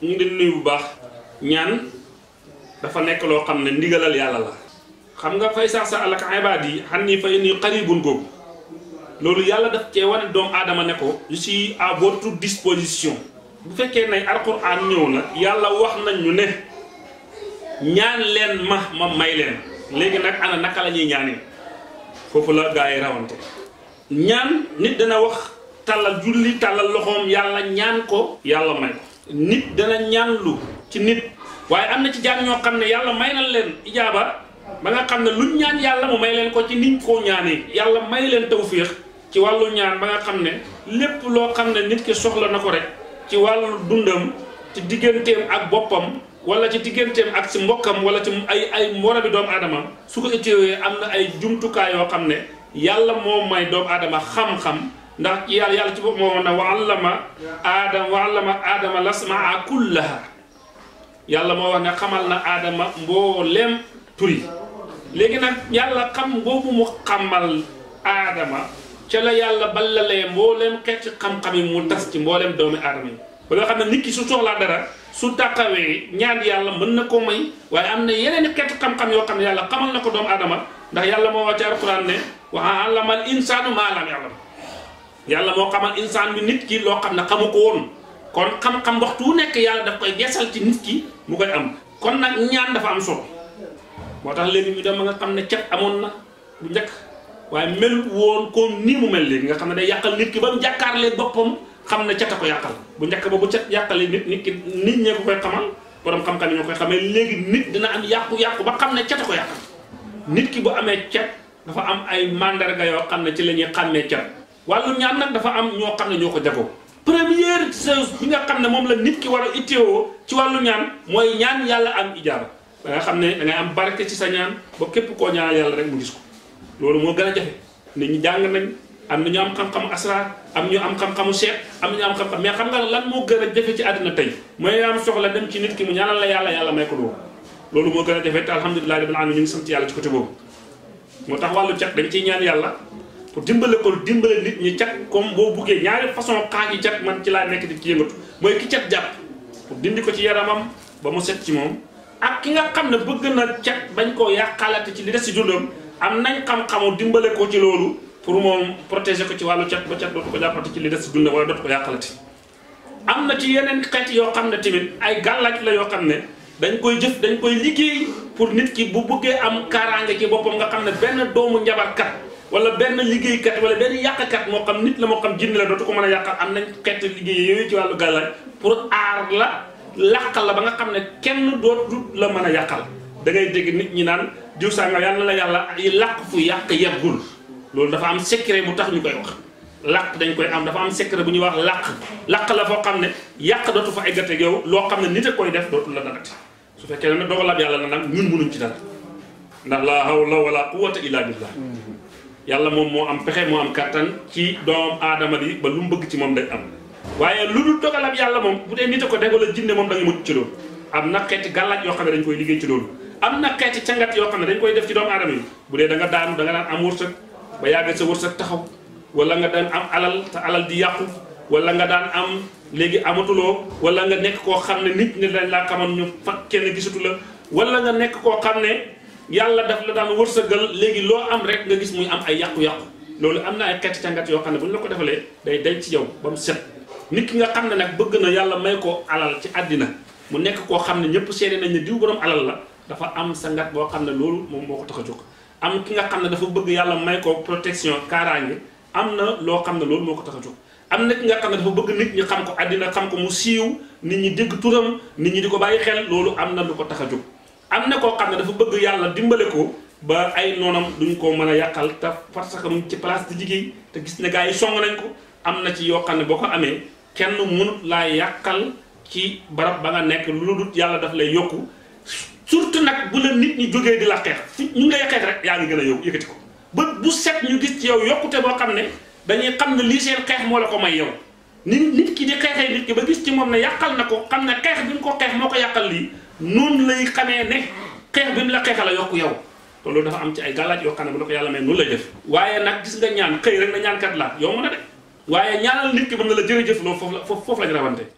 ñu ngi leen nuyu bu baax ñaan dafa nekk loo xam ne ndigalal yàlla la xam nga fay sax sa alaka ibaad yi xam ni fay ni xaribun googu loolu yàlla daf cee wane doomu aadama ne ko je suis à votre disposition bu fekkee ne alquran ñëw na yàlla wax nañ ñu ne ñaan leen ma ma may leen léegi nag ana naka la ñuy ñaanee foofu la gaa yi rawante ñaan nit dana wax tàllal julli tàllal loxoom yàlla ñaan ko yàlla may ko nit dana ñaanlu ci nit waaye am na ci jaam ñoo xam ne yàlla may na leen ijaaba ba nga xam ne luñ ñaan yàlla mu may leen ko ci niñ koo ñaanee yàlla may leen tawfiix ci wàllu ñaan ba nga xam ne lépp loo xam ne nit ki soxla na ko rek ci wàllu dundam ci digganteem ak boppam wala ci digganteem ak si mbokkam wala ci ay ay moromi doomu aadama su ko itteewee am na ay jumtukaay yoo xam ne yàlla moo may doomu aadama xam-xam ndax yàlla yàlla ci bopp moo na wa allama aadama wa allama aadama lasmaa kullaha yàlla moo wax xamal na aadama mboolem tur yi léegi nag yàlla xam boobu mu xamal aadama ca la yàlla ballalee mbooleem xeeti xam-xam yi mu tas ci mboolem doomi aadama yi ba xam ne nit ki su laa dara su taxawee ñaan yàlla mën na koo may waaye am na yeneen xeeti xam-xam yoo xam ne yàlla xamal na ko doomu aadama ndax yàlla moo wax ci alquran ne wa allama al insaanu maa lam ya'lam yàlla moo xamal insaan bi nit ki loo xam ne xamu ko woon kon xam-xam waxtu wu nekk yàlla daf koy geesal ci nit ki mu koy am kon nag ñaan dafa am solo moo tax léegi ñu dem nga xam ne cet amoon na bu njëkk waaye mel woon comme nii mu mel léegi nga xam ne day yàqal nit ki ba mu jàkkaarlee xam ne cet a ko bu njëkk ba bu cet yàqalee nit nit ki nit ko koy xamal boroom xam-xam yi ñoo koy xamee léegi nit dina am yàqu-yàqu ba xam ne cet a ko yàqal nit ki bu amee cet dafa am ay màndarga yoo xam ne ci la ñuy xàmmee cet wàllu ñaan nag dafa am ñoo xam ne ñoo ko jagoo première chose bi nga xam ne moom la nit ki war a itteewoo ci wàllu ñaan mooy ñaan yàlla am ijaaba da xam ne da am barke ci sa ñaan ba képp koo ñaanal yàlla rek mu gis ko loolu moo gën a jafe nit ñi jàng nañ am na ñu am xam-xamu asraar am ñu am xam-xamu seet am ñu am xam-xam mais xam nga lan moo gën a jafe ci àddina tey mooy am soxla dem ci nit ki mu ñaanal la yàlla yàlla may ko doom loolu moo gën a jafe te alhamdulilah rabbil alamin ñu ngi sant yàlla boobu moo tax wàllu cat dañ yàlla pour dimbale ko dimbale nit ñi cat comme boo buggee ñaari façon xaaj yi man ci laa nekk di ci yëngatu mooy ki cat jàpp pour dindi ko ci yaramam ba mu set ci moom ak ki nga xam ne bëgg na cat bañ koo yàqalate ci li des ci dundam am nañ xam-xamu dimbale ko pour moom protéger ko ci wàllu cat ba cat dootu ko jàppati ci li des ci dundam wala dootu ko yàqalati am na ci yeneen xeet yoo xam ne tamit ay galaaj la yoo xam ne dañ koy jëf dañ koy liggéey pour nit ki bu bëggee am kaaraange ci boppam nga xam ne benn doomu njabarkat wala benn liggéeykat wala benn kat moo xam nit la moo xam jinne la dootu ko mën a yàqal am nañ xeet liggéey yooyu ci wàllu gàllaaj pour aar la làqal la ba nga xam ne kenn dootu la mën a yàqal da ngay dégg nit ñi naan diw sàngam yàlla la yàlla ay làq fu yàq yeggul loolu dafa am secret bu tax ñu koy wax làq dañ koy am dafa am secret bu ñuy wax làq làq la foo xam ne yàq dootu fa eggate yow loo xam ne nit a koy def dootu la dalati su fekkee ne dogalab yàlla na nag ñun mënuñ ci dara ndax la hawla wala quwwata illa billah yàlla moom moo am pexe moo am kàttan ci doom aadama bi ba lu mu bëgg ci moom day am waaye lu dul dogalam yàlla moom bu dee nit a ko dégg la jinne moom da nga mucc ci loolu am na xeeti gàllaaj yoo xam ne dañ koy liggéey ci loolu am na xeeti cangat yoo xam ne dañ koy def ci doomu aadama yi bu dee da nga daanu danga nga daan am wërsëg ba yàgg sa wërsëg taxaw wala nga daan am alal te alal di yàqu wala nga daan am léegi amatuloo wala nga nekk koo xam ne nit ñi dañ laa xamoon ñu fa kenn gisatu la wala nga nekk koo xam ne yàlla daf la daan wërsëgal léegi loo am rek nga gis muy am ay yàqu-yàqu loolu am na ay xeeti cangat yoo xam ne bu la ko defalee day denc ci yow ba mu set nit ki nga xam ne nag bëgg na yàlla may ko alal ci àddina mu nekk koo xam ne ñëpp seede nañ ne diw borom alal la dafa am sangat boo xam ne loolu moom moo ko tax a jóg am ki nga xam ne dafa bëgg yàlla may ko protection kaaraange am na loo xam ne loolu moo ko tax am na ki nga xam ne dafa bëgg nit ñi xam ko àddina xam ko mu siiw nit ñi dégg turam nit ñi di ko bàyyi xel loolu am na lu ko tax a jóg am na koo xam ne dafa bëgg yàlla dimbale ko ba ay noonam duñ koo mën a yàqal te parce que mu ci place di liggéey te gis ne gaa yi song nañ ko am na ci yoo xam ne boo ko amee kenn mënut laa yàqal ci barab ba nga nekk lu dul yàlla daf lay yokk surtout nag bu la nit ñi jógee di la xeex fi ñu lay xeex rek yaa ngi gën a yow yëkkati ko ba bu set ñu gis ci yow yokkute boo xam ne dañuy xam ne lii seen xeex moo la ko may yow nit nit ki di xeexee nit ki ba ci moom ne yàqal na ko xam ne xeex bi ko xeex moo ko yàqal lii noonu lay xamee ne xeex bi mu la xeexal a yokk yow te loolu dafa am ci ay gàllaaj yoo xam ne bu la yàlla may noonu lay def waaye nag gis nga ñaan xëy rek na ñaankat la yow mën a de waaye ñaanal nit ki mën na la jërëjëf loolu foofu la foofu lañ rawante